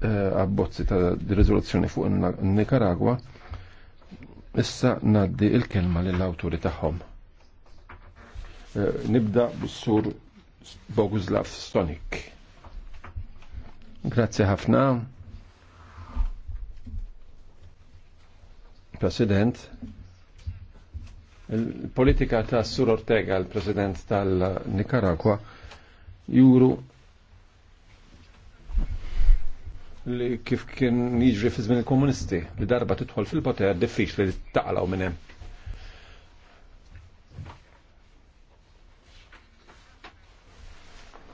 Eh, abbozzi ta' Rizoluzzjoni fuq Nicaragua, issa naddi il-kelma lill-awturi tagħhom. Eh, nibda bis-sur Boguslav Stonik. Grazzi ħafna. President, il-politika ta' Sur Ortega, il-President tal-Nicaragua, juru li kif kien jiġri fi żmien il-komunisti li darba tidħol fil-poter diffiċli li taqlaw minn hemm.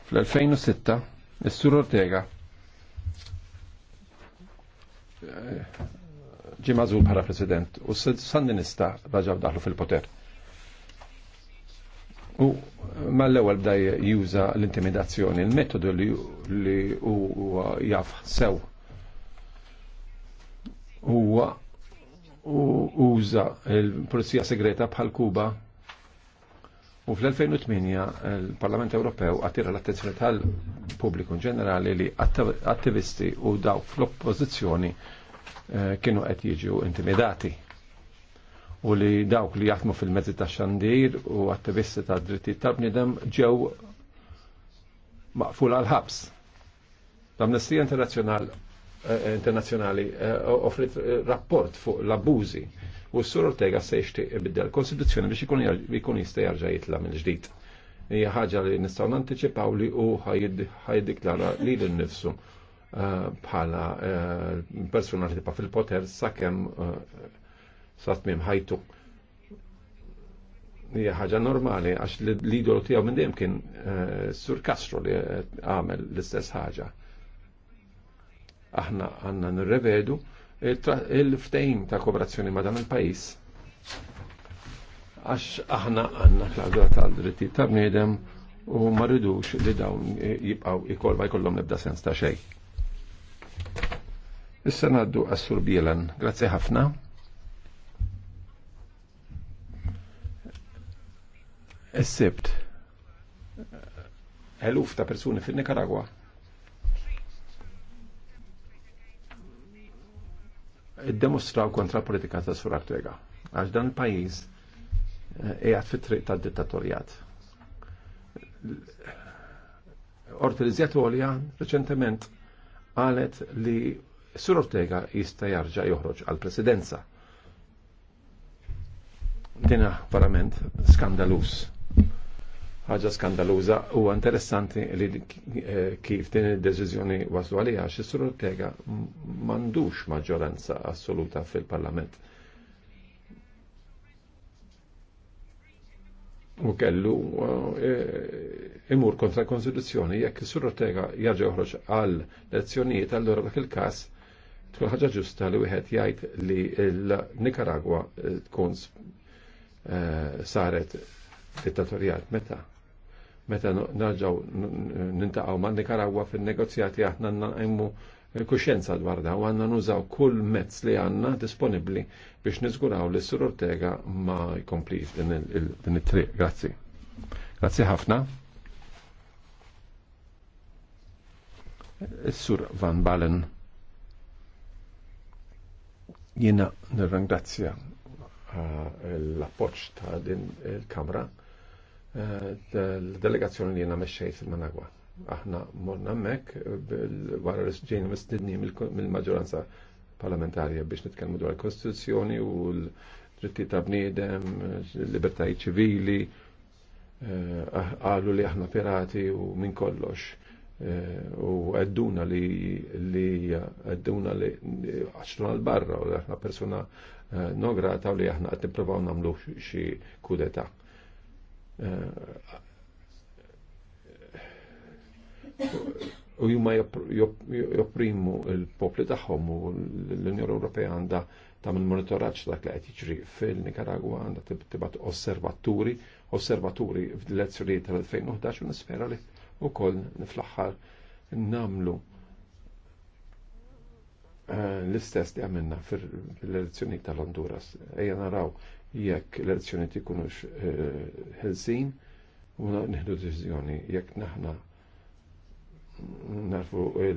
Fl-2006 is-Sur Ortega eh, ġie bħala president u s-Sandinista raġaw daħlu fil-poter. U mal-ewwel bda juża l-intimidazzjoni, il-metodu li, li u jaf sew huwa uża l-Pulizija Segreta bħal Kuba U fl-2008 il-Parlament Ewropew attira l-attenzjoni tal-pubbliku ġenerali li attivisti u daw fl-oppożizzjoni eh, kienu qed jiġu intimidati u li dawk li jaħdmu fil-mezzi ta' xandir u attivisti ta' dritti tal-bnidem ġew maqful għal-ħabs. L-Amnestija Internazzjonali Eh, internazjonali eh, offrit eh, rapport fuq l-abbużi u s-sur Ortega se jixtieq biddel konstituzzjoni biex ikun jista' jarġa' jitla' minn ġdid. Hija ħaġa li nistgħu nantiċipaw li hu ħajdiklara lilu nnifsu bħala persuna li tibqa' fil-poter sakemm satmim ħajtu. Hija ħaġa normali għax l lidu tiegħu minn dejjem kien Sur Castro li għamel l-istess ħaġa aħna għanna nirrevedu il-ftejn ta' kooperazzjoni ma' dan il-pajis. Għax aħna għanna klawdura tal-dritti ta' bniedem u ma rridux li dawn jibqaw ikol ma jkollhom nibda sens ta' xejn. Issa naddu għassur Bielan, grazzi ħafna. Essibt, eluf ta' persuni fin nikaragwa id-demostraw kontra politika ta' Sur Ortega, Għax dan il-pajis eh, jgħat fit-triq ta' dittatorjat. Ortelizzjat Olja reċentement għalet li Sur Ortega jista' jarġa' joħroġ għal-presidenza. Dina verament skandalus ħaġa skandaluża u interessanti li eh, kif din id-deċiżjoni waslu għalija għax sur Ortega m'għandux maġġoranza assoluta fil-Parlament. U kellu eh, imur kontra l-Konstituzzjoni jekk is-sur Ortega jarġa' joħroġ għal lezzjonijiet, allura dak il-każ tkun ħaġa ġusta li wieħed jgħid li l-Nikaragwa tkun eh, saret dittatorjat meta meta narġaw nintaqaw ma' Nikaragua fil-negozjati aħna naqimmu eh, kuxenza dwar da għanna nużaw kull mezz li għanna disponibli biex nizguraw li s-sur Ortega ma jkompli din il-triq. Grazzi. Grazzi ħafna. Eh, Sur Van Balen. Jena nirrangrazzja eh, l-appoċ ta' din il-Kamra delegazzjoni li jena meċċej fil-Managwa. Aħna morna mek wara ġejna mistidni mill-maġġoranza parlamentarja biex nitkellmu dwar il-Kostituzzjoni u l-dritti ta' bniedem, libertajiet ċivili, għalu eh, ah, li aħna pirati u minn kollox. Eh, u għedduna li għedduna li għaxtuna l-barra u aħna persona nograta u li aħna eh, għattiprofaw namlu xie kudeta. Eh, u jumma jopprimu il-popli tagħhom u l-Unjoni Ewropea għandha tagħmel monitoraġġ dak li qed jiġri fil-Nikaragwa għandha tibgħat osservaturi, osservaturi f'dil-lezzjoni tal-2011 u nispera li wkoll fl-aħħar namlu eh, l-istess li għamilna fil-elezzjoni tal-Honduras. Ejja naraw jekk l-elezzjoni tikunux eh, ħelsin u neħdu deċiżjoni jekk naħna narfu eh,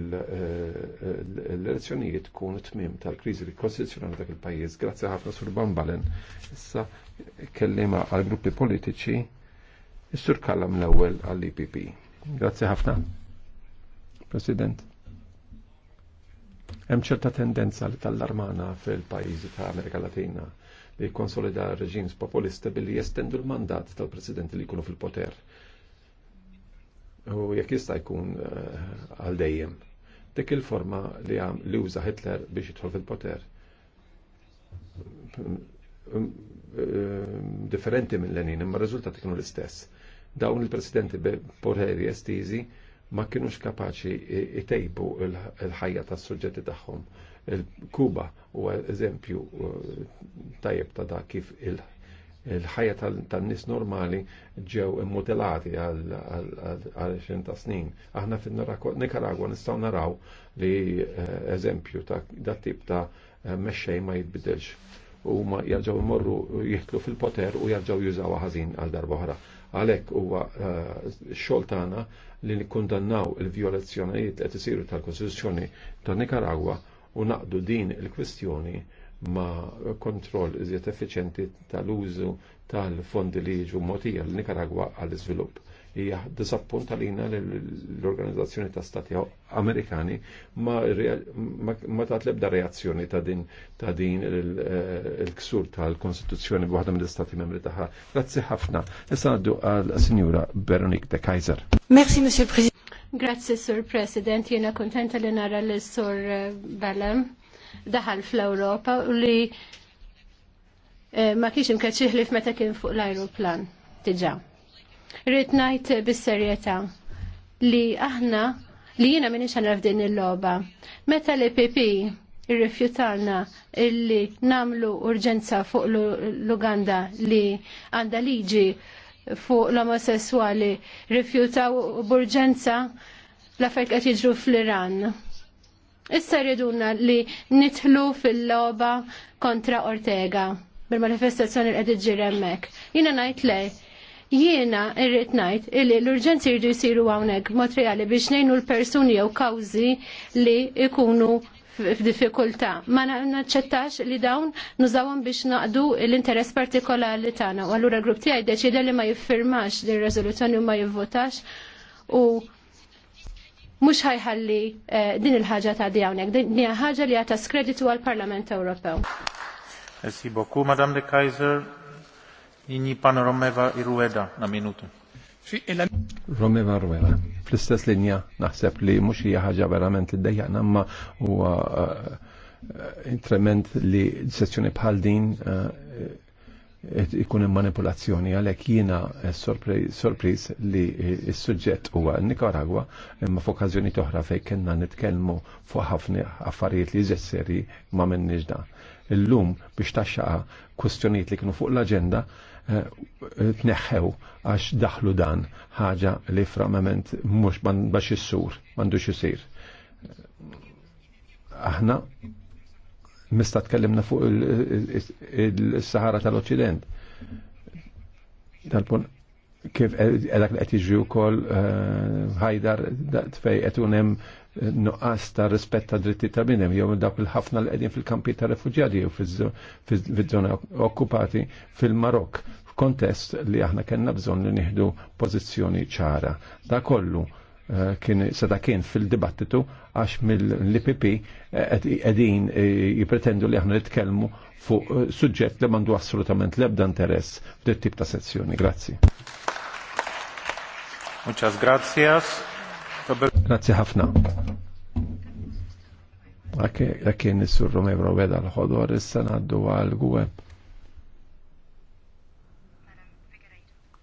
l-elezzjonijiet tkun tmim tal-kriżi konstituzjonali dak il-pajjiż. Grazzi ħafna sur Bambalen. Issa kellima għal gruppi politiċi is-sur kallam l-ewwel għall-IPP. Grazzi ħafna. President hemm ċerta tendenza li tal-armana fil-pajjiżi ta' Amerika Latina li konsolida reġims populista billi jestendu l-mandat tal-presidenti li jkunu fil-poter. U jekk jista' jkun eh, għaldejjem. Dik il-forma li għam li uża Hitler biex jidħol fil-poter. Um, um, differenti minn Lenin, imma r-riżultati kienu l-istess. Dawn il-presidenti porheri Estizi ma kienux kapaċi itejbu il-ħajja tas suġġetti tagħhom. Kuba huwa eżempju eh, tajjeb ta' da kif il-ħajja tan-nies normali ġew immodelati għal 20 ta' snin. Aħna fin nikaragua nistgħu naraw li eh, eżempju ta' dat tip ta' mexxej ma jitbidilx u ma jarġaw imorru jihtlu fil-poter u jarġaw jużaw ħażin għal darba oħra. Għalhekk huwa eh, xoltana li nikkundannaw il-violazzjonijiet qed isiru tal-Kostituzzjoni ta' Nikaragwa u naqdu din il-kwistjoni ma' kontroll iżjed effiċenti tal-użu tal-fondi li jiġu motija l-Nikaragwa għall-iżvilupp hija disappunt għalina l-Organizzazzjoni ta' Stati Amerikani ma, ma ta' tlebda reazzjoni ta' din ta' din eh, il-ksur tal-Konstituzzjoni b'waħda mill-Stati Membri tagħha. Grazzi ħafna. Issa għaddu għal Sinjura Veronique de Kaiser. Merci, Monsieur President. Grazzi, Sur President. Jena kontenta li nara l-Sur eh, Balam daħal fl-Europa u li eh, ma kienx imkaċiħlif meta kien fuq l-aeroplan. Tiġaw. Rrit najt bis-serjetà li aħna li jiena minix għanaf f'din il-loba. Meta li PP irrifjutalna illi namlu urġenza fuq l-Uganda li għanda liġi fuq l-omosessuali rifjutaw burġenza l-affarijiet qed jiġru fl-Iran. Issa rriduna li nitħlu fil-loba kontra Ortega bil-manifestazzjoni li qed iġġir hemmhekk. Jiena ngħid lej Jiena irrit ngħid illi l-urġenzi jridu jsiru hawnhekk materjali biex ngħinu l-persuni jew kawżi li jkunu f'diffikultà. Ma naċċettax li dawn nużawhom biex naqdu l-interess partikolari tagħna. U allura l-grupp tiegħi deċida li ma jiffirmax din riżoluzzjoni u ma jivvotax u mux ħajħalli eh, din il-ħagġa ta' di għawnek, din ħagġa li għata skreditu għal-Parlament Ewropew. Merci beaucoup, Madame de Kaiser. Inni pan Romeva Irueda na minuta. E Romeva Rueda, fl-istess linja naħseb li mhux hija ħaġa verament li dejja namma u intrement eh, eh, li sessjoni bħal din eh, ikun manipulazzjoni għalhekk jiena sorpriż li s-suġġett huwa Nikaragwa imma f'okkażjoni toħra fejn kellna nitkellmu fuq ħafna affarijiet li ġesseri ma minniġ dan. Illum biex taxxaqa kwestjonijiet li kienu fuq l-aġenda Eh, tneħħew għax daħlu dan ħaġa li framament mhux bax issur, m'għandux isir. Aħna mista tkellimna fuq il-Sahara tal-Oċident. dal pun kif e, edak li qed jiġri wkoll ħajdar e, tfej qed unem e, nuqqas ta' rispett dritti ta' binem jew dawk il-ħafna li qegħdin fil-kampi ta' refugjadi jew fiż-żona okkupati fil marok f'kontest li aħna kellna bżonn li nieħdu pożizzjoni ċara. Da kollu kien seda kien fil-dibattitu għax mill-IPP edin eh, eh, jipretendu li aħna nitkellmu fuq eh, suġġett li mandu assolutament lebda interess f'dit tip ta' sezzjoni. Grazzi. Muchas gracias. Grazzi ħafna. kien nissur Romevro Veda l-ħodor, issa naddu għal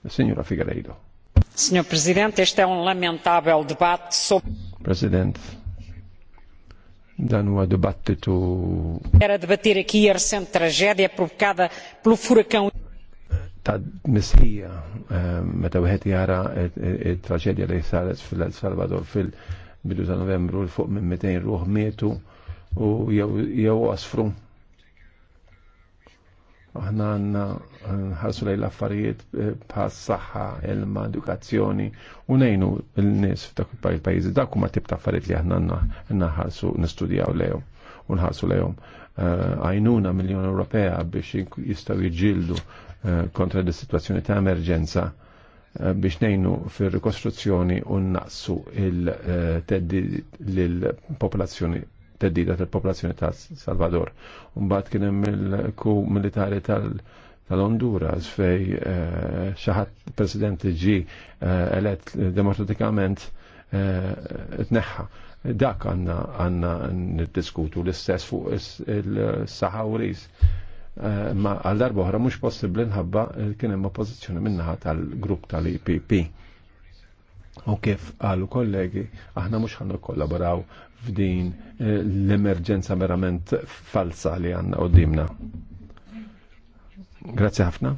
Signora Figueiredo. Senhor Presidente, este é um lamentável debate sobre. Presidente. Dan huwa dibattitu. Era debater aqui a recente tragédia provocada pelo furacão. Ta' misħija, eh, meta wieħed jara il-traġedja li saret fil-El Salvador fil-bidu ta' novembru l-fuq minn 200 ruħ mietu u jew asfru Aħna għanna eh, ħarsu lej l-affarijiet eh, bħas saħħa, ilma, edukazzjoni, u l-nis f'dak il-pajizi. Dak huma tip ta' affarijiet li aħna għanna ħarsu nistudjaw lejhom u nħarsu lejhom. Eh, għajnuna mill Ewropea biex jistaw jġildu kontra di situazzjoni ta' emerġenza biex nejnu fir rikostruzzjoni u naqsu il-teddi l-popolazzjoni teddida tal-popolazzjoni ta' Salvador. Mbagħad kien hemm il-ku militari tal-Honduras fej eh, xaħat president ġi eh, elett demokratikament eh, tneħħa. Dak għanna għanna niddiskutu l-istess fuq il sahawris Ma għal darba oħra mhux possibbli nħabba kien hemm oppożizzjoni minnaħa tal-grupp tal-IPP. U kif għalu kollegi, aħna mux ħannu kollaboraw f'din eh, l-emerġenza verament falsa li għanna u dimna. Grazie ħafna.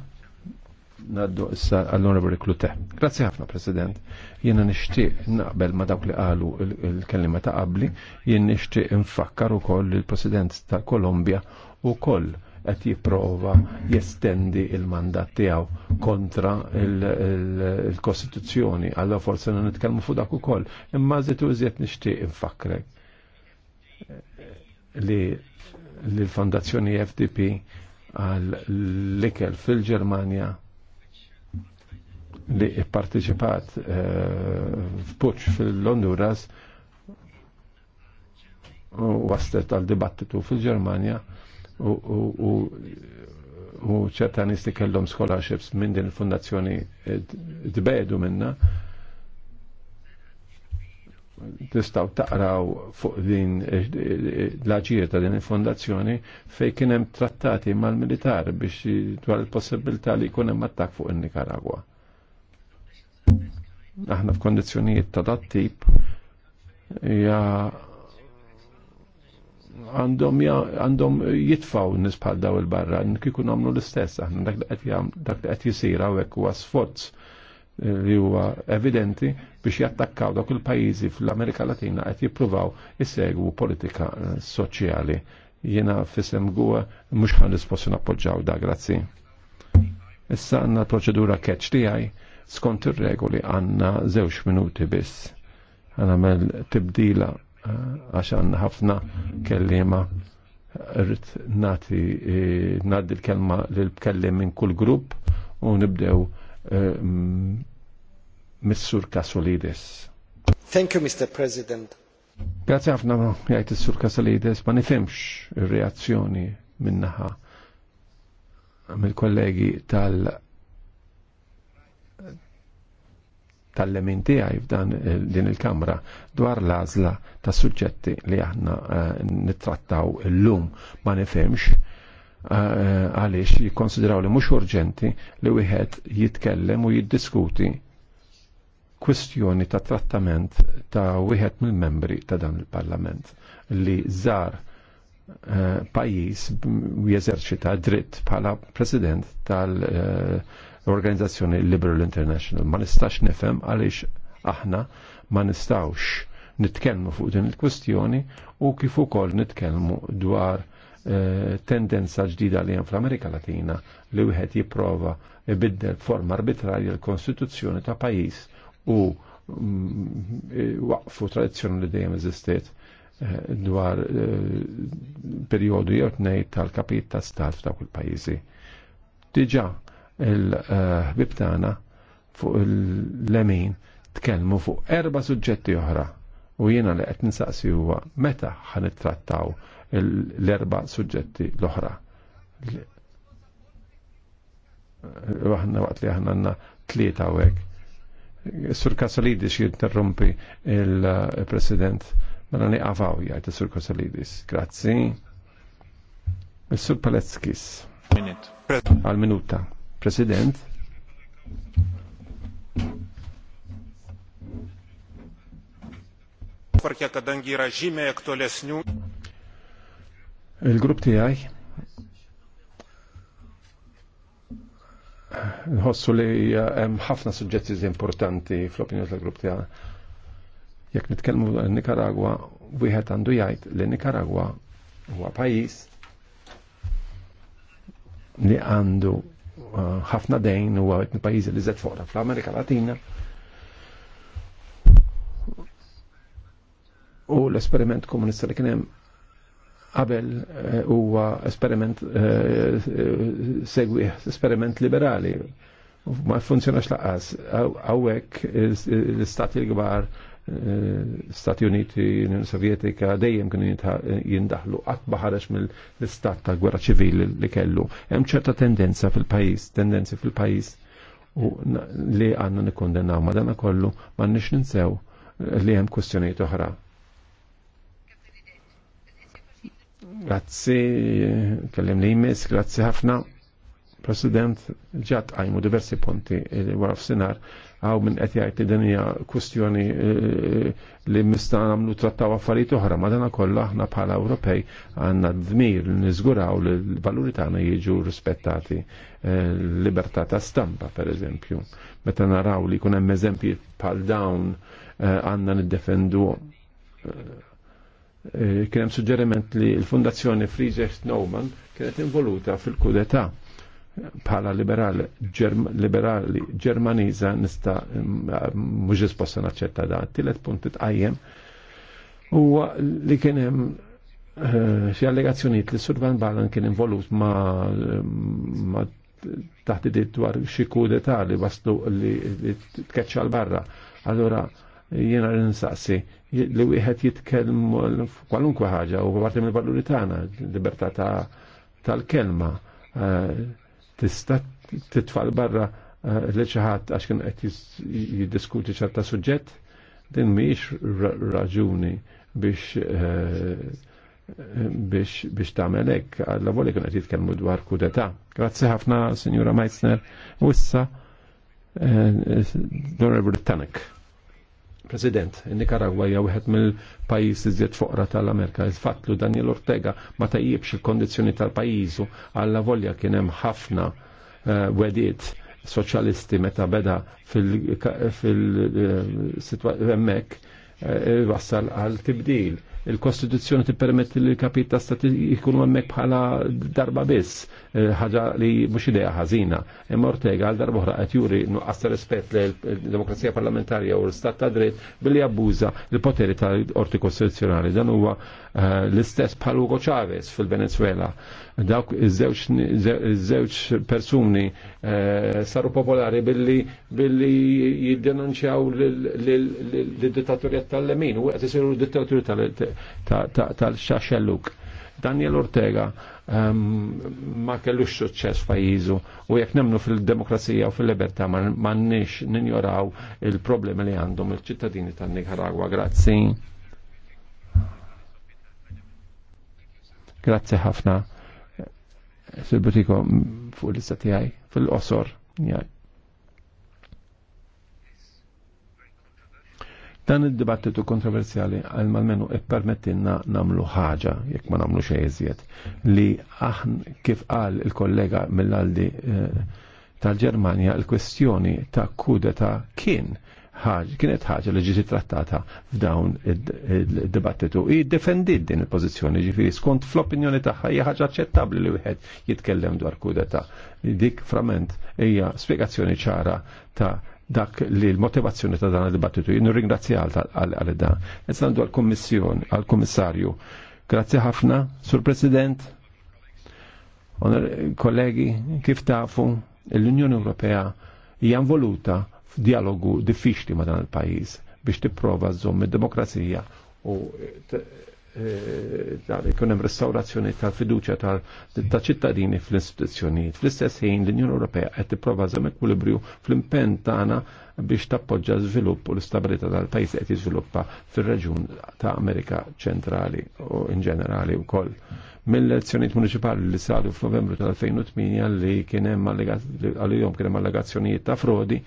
Naddu issa għall-Honorable Klute. Grazie ħafna, President. Jena nishtiq naqbel ma dawk li qalu il-kellima ta' qabli, jien nishtiq nfakkar u koll il-President ta' Kolombia u koll qed jipprova jestendi il-mandat tiegħu kontra il-Kostituzzjoni. Għallu forse non nitkellmu fuq dak ukoll, imma zitu zjet iżjed nixtieq infakrek li l-fondazzjoni FDP għal l-ikel fil-Germania li parteċipat f'Puċ fil-Honduras u għastet għal dibattitu fil-Germania u ċertanisti kellhom scholarships minn din il-fundazzjoni tbedu minna tistaw taqraw fuq din l-aġir ta' din il-fondazzjoni fej kien hemm trattati mal-militar biex dwar il-possibilità li jkun hemm attak fuq in-Nikaragwa. Aħna f'kondizzjonijiet ta' dat tip ja għandhom għandhom jitfaw nisbħal daw il-barra, kikun għamlu l-istess, aħna dak li qed jisir hawnhekk huwa sforz li huwa evidenti biex jattakkaw dawk il-pajjiżi fl-Amerika Latina qed jippruvaw isegwu politika eh, soċjali. Jiena fisem gwa mhux ħan nispossu nappoġġaw da grazzi. Issa għandna proċedura catch tiegħi skont ir-regoli għandna żewġ minuti biss. Għanamel tibdila eh, għax għandna ħafna kellima rrit nati eh, naddi l-kelma l-kellim minn kull grupp u nibdew Eh, mm, Mr. Kasolides. Thank you, Mr. President. Grazie ħafna jgħid is-Sur Kasolides ma nifemx ir-reazzjoni minnaħa mill-kollegi tal- tal-lemin tiegħi f'dan eh, din il-kamra dwar l ta' suġġetti li aħna eh, nittrattaw illum ma nifhimx E, għaliex jikkonsidraw li mhux urġenti li wieħed jitkellem u jiddiskuti kwistjoni ta' trattament ta' wieħed mill-membri ta' dan il-Parlament li żar e, pajjiż jeżerċita dritt bħala president tal-Organizzazzjoni Liberal International. Ma nistax nifhem għaliex aħna ma nistawx nitkellmu fuq din il-kwistjoni u kif ukoll nitkellmu dwar Eh, tendenza ġdida li hemm fl-Amerika Latina li wieħed jipprova ibiddel forma arbitrarja l-Kostituzzjoni ta' pajjiż u mm, eh, waqfu tradizzjoni li dejjem eżistiet eh, dwar periodu jew tnejn tal-kapit ta' stat ta' kull pajjiżi Diġà il-ħbib tagħna fuq l-lemin tkellmu fuq erba' suġġetti oħra U jiena li qed nisaqsi huwa meta ħanittrattaw l-erba' suġġetti l-oħra. Waħna waqt li aħna għandna tlieta hawnhekk. Sur Kasolidis jinterrumpi il-President. Mela niqafaw jgħid Sur Kasolidis. Grazzi. Sur Paleckis. Għal minuta. President. darbotvarkę, kadangi yra žymiai aktualesnių. Il-grupp tiegħi nħossu li hemm ħafna suġġetti importanti fl-opinjoni tal-grupp tiegħi. Jek nitkellmu Nicaragua, wieħed għandu jgħid li Nicaragua huwa pajjiż li għandu uh, ħafna dejn huwa pajjiżi li żed fora fl-Amerika Latina u l-esperiment komunista li kienem qabel eh, huwa esperiment eh, eh, segwih, esperiment liberali. Ma funzjonax laqqas. Għawek l stati l-gbar Stati Uniti, Unjoni Sovjetika dejjem kienu jindaħlu qatt baħarex mill-istat ta' gwerra ċivili li kellu. Hemm ċerta tendenza fil pajis tendenzi fil-pajjiż u li għandna nikkondennaw ma dana kollu ma nix ninsew li hemm kwestjonijiet oħra Grazzi, kellim li jmiss, grazzi ħafna. President, ġat għajmu diversi punti wara f'sinar għaw minn qed jgħid li din hija eh, li mista għamlu trattaw affarijiet oħra, ma dana kollha aħna bħala Ewropej għandna dmir li niżguraw li l-valuri tagħna jiġu rispettati eh, libertà ta' stampa pereżempju. Meta naraw li jkun hemm eżempji bħal dawn eh, għandna niddefendu Eh, kien hemm suġġeriment li l-Fundazzjoni Friedrich Snowman kienet involuta fil-kudeta bħala liberali liberali Ġermaniża nista mhux disposta naċċetta da. Tielet punt tqajjem huwa li kien hemm eh, xi allegazzjonijiet li Survan Balan kien involut ma' taħt id dwar xi kudeta li waslu li tkeċċa l-barra. Allora jiena ninsaqsi li wieħed jitkellem kwalunkwe ħaġa u parti mill valuri tagħna, libertà tal-kelma eh, tista' titfal barra eh, li xi ħadd għax kien qed jiddiskuti ċerta suġġett, din mhijiex raġuni biex eh, biex biex tagħmel hekk għal voli kien qed jitkellmu dwar kudeta. Grazzi ħafna, Sinjura Meissner, u issa Dr. Britannic. President, Nicaragua hija wieħed mill-pajjiż iżjed foqra tal-Amerika. Il-fatt li Daniel Ortega ma tajjibx il-kondizzjoni tal-pajjiżu għalla volja kien hemm ħafna eh, wedit soċjalisti meta beda fil-hemmhekk eh, eh, wassal għal tibdil Il-Kostituzzjoni tippermetti li l-kapit ta' stati jkunu hemmhekk bħala darba biss, eh, ħaġa li mhux idea ħażina. Imma Ortega għal darba oħra qed juri nuqqas rispett li l-demokrazija eh, parlamentarja u l stat ta' dritt billi abbuża l-poteri tal-orti kostituzzjonali. Dan huwa eh, l-istess bħal Hugo Chavez fil-Venezuela dawk iż-żewġ persuni eh, saru popolari billi billi jiddenunċjaw lid-dittatorja tal-lemin u qed isiru dittatorja tal xaxelluk Daniel Ortega ehm, ma kellux suċċess f'pajjiżu u jekk nemnu fil-demokrazija u fil-libertà m'għandniex ninjoraw il-problemi li għandhom il-ċittadini tan-Nikaragwa. Grazzi. Grazzi ħafna fil-butiko fuq l-lista tiegħi fil-qosor jgħaj. Dan id-dibattitu kontroversjali għal malmenu permettinna namlu ħaġa, jekk ma namlu xejżiet, li aħn kif qal il-kollega mill-aldi eh, tal-Ġermanja l-kwestjoni ta' kudeta kien ħaġ, kienet ħaġ li ġiet trattata f'dawn id-dibattitu. I defendid din il-pożizzjoni ġifieri skont fl-opinjoni tagħha hija ħaġa aċċettabbli li wieħed jitkellem dwar kudeta. Dik frament hija spjegazzjoni ċara ta' dak li l-motivazzjoni ta' dan il-dibattitu. Jinnu ringrazzja għal dan. Issa għandu għal-Kommissjoni, għal-Kommissarju. Grazzi ħafna, Sur President, kollegi, kif tafu, l-Unjoni Ewropea hija involuta dialogu diffiċli ma dan il-pajjiż biex tipprova zomm id-demokrazija u eh, eh, eh, jkun hemm restaurazzjoni tal-fiduċja tal-ċittadini fl-istituzzjonijiet. Fl-istess ħin l-Unjoni Ewropea qed tipprova żomm ekwilibrju fl-impenn tagħna biex tappoġġa żvilupp u l-istabilità tal-pajjiż qed jiżviluppa fir-reġjun ta' Amerika ċentrali u in ġenerali wkoll. Mill-elezzjonijiet municipali li salu f'Novembru tal-2008 li kien hemm għalihom kien hemm allegazzjonijiet ta' frodi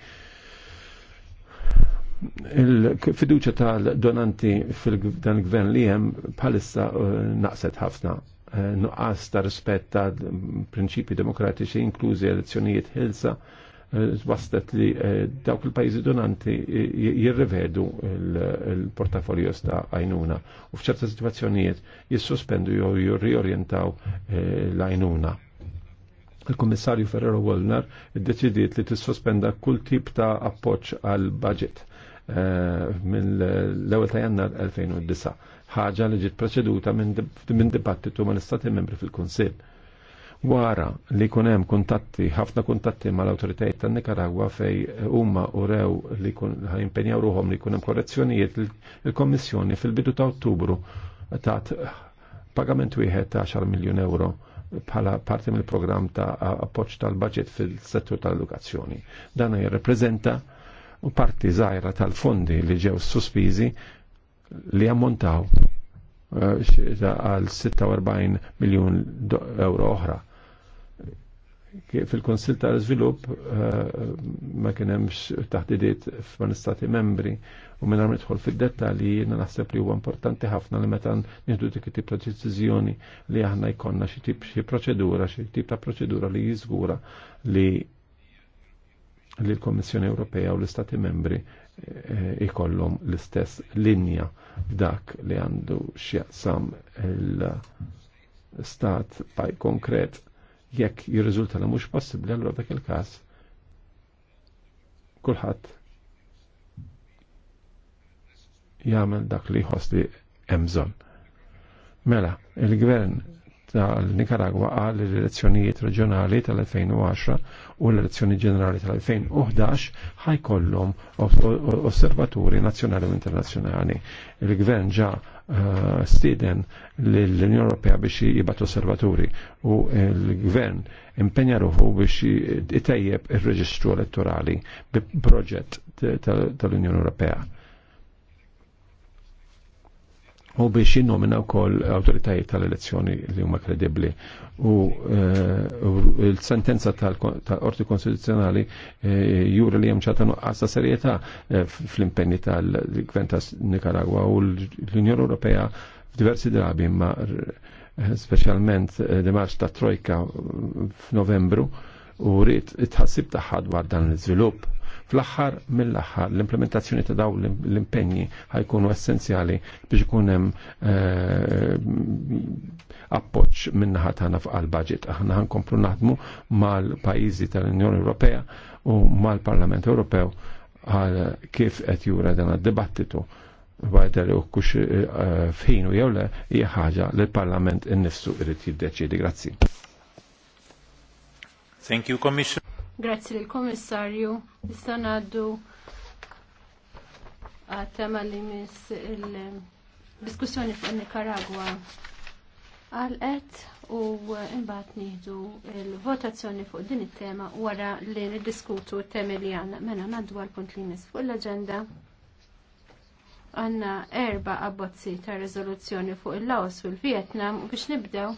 il-fiduċa tal-donanti fil-dan gvern li jem bħalissa uh, naqset ħafna uh, nuqqas ta' rispett ta' prinċipi demokratiċi inklużi elezzjonijiet ħilsa uh, waslet li dawk il-pajjiżi donanti jirrivedu il portafoljos ta' għajnuna u f'ċerta situazzjonijiet jissospendu jew jirriorjentaw l-għajnuna. Il-Kummissarju Ferrero Wallner deċidiet li tissospenda kull tip ta' appoġġ għal budget Eh, mill ewel ta' jannar 2009, ħaġa li ġiet preċeduta minn dibattitu ma' l-Istati membri fil-Kunsill. Wara li kun hemm kuntatti, ħafna kuntatti mal-awtoritajiet tan Nikaragwa fej huma u rew li ħajimpenjaw ruhom li kun hemm korrezzjonijiet il-Kommissjoni fil-bidu ta' Ottubru ta' pagament wieħed ta' 10 miljun euro bħala parti mill-programm ta' appoġġ tal-budget fil-settur tal-edukazzjoni. Dan jirrepreżenta u parti zaħira tal-fondi li ġew sospiżi li ammontaw eh, għal 46 miljon euro oħra. Fil-Konsil tal zvilup eh, ma kienemx taħdidiet f'man istati membri u minna nidħol fil-dettali jena naħseb li huwa importanti ħafna li meta nieħdu dik tip ta' deċiżjoni li aħna jkollna xi tip xi proċedura, xi tip ta' proċedura li jiżgura li li l-Kommissjoni Ewropea u l-Istati membri eh, ikollhom l-istess linja f'dak li għandu x'jaqsam l stat paj konkret jekk jirriżulta li mhux possibbli allura dak il-każ kulħadd jagħmel dak li jħossli hemm Mela, il-gvern tal-Nikaragwa għal l-elezzjonijiet reġjonali tal-2010 u l-elezzjoni ġenerali tal-2011 ħajkollhom osservaturi nazzjonali u internazzjonali. Il-gvern ġa eh, stiden l-Unjoni Ewropea biex jibat osservaturi u l-gvern impenja ruħu biex itejjeb ir-reġistru elettorali bi proġett tal-Unjoni Ewropea u biex jinnomina wkoll awtoritajiet tal-elezzjoni li huma kredibbli u eh, l-sentenza tal tal-Orti konstituzjonali eh, jura li hemm ċata nuqqas eh, fl-impenni tal kventas Nicaragua Nikaragwa u l-Unjoni Ewropea f'diversi drabi ma specialment demarx ta' Trojka f'Novembru u rrit it-ħassib ta' ħadwar dan l-iżvilupp Fl-aħħar mill-aħħar l-implementazzjoni ta' daw l impegni ħajkunu essenzjali biex ikun hemm eh, appoġġ minnaħa tagħna f'qal-budget. Aħna ħankomplu naħdmu mal-pajjiżi tal-Unjoni Ewropea u mal-Parlament Ewropew għal kif qed jura dan id-dibattitu wajda li kux eh, f'ħinu jewle hija li l-Parlament innifsu irid jiddeċiedi. Grazzi. Thank you, Commissioner. Grazzi lill komissarju Issa ngħaddu li miss il-diskussjoni fuq Nicaragua għalqet u imbagħad nieħdu l-votazzjoni fuq din it-tema wara li niddiskutu t-temi li għandna mena ngħaddu għall-punt li mis fuq l-aġenda għanna erba abbozzi ta' rezoluzzjoni fuq il-Laos u l-Vietnam u biex nibdew